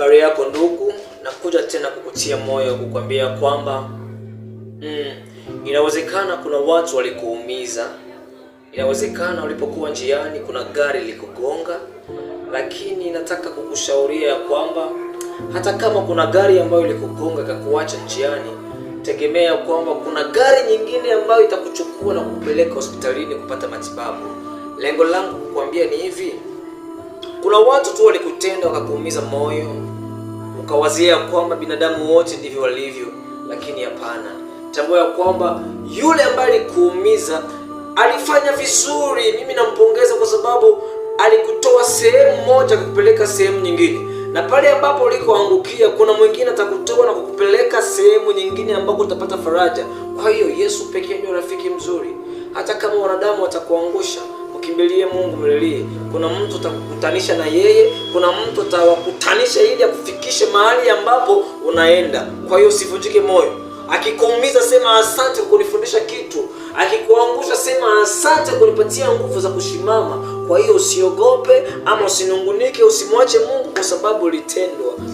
Habari yako ndugu, nakuja tena kukutia moyo kukwambia kwamba mm, inawezekana kuna watu walikuumiza, inawezekana ulipokuwa njiani kuna gari likugonga, lakini nataka kukushauria ya kwamba hata kama kuna gari ambayo ilikugonga kakuacha njiani, tegemea kwamba kuna gari nyingine ambayo itakuchukua na kupeleka hospitalini kupata matibabu. Lengo langu kukuambia ni hivi kuna watu tu walikutenda wakakuumiza moyo, ukawazia kwamba binadamu wote ndivyo walivyo, lakini hapana. Tambua ya kwamba yule ambaye alikuumiza alifanya vizuri, mimi nampongeza kwa sababu alikutoa sehemu moja kukupeleka sehemu nyingine, na pale ambapo ulikoangukia kuna mwingine atakutoa na kukupeleka sehemu nyingine ambako utapata faraja. Kwa hiyo Yesu pekee ndio rafiki mzuri, hata kama wanadamu watakuangusha Mkimbilie Mungu, mlilie. Kuna mtu atakukutanisha na yeye, kuna mtu atawakutanisha ili akufikishe mahali ambapo unaenda. Kwa hiyo usivunjike moyo. Akikuumiza sema asante kunifundisha kitu, akikuangusha sema asante kunipatia nguvu za kushimama Kwa hiyo usiogope ama usinungunike, usimwache Mungu kwa sababu ulitendwa.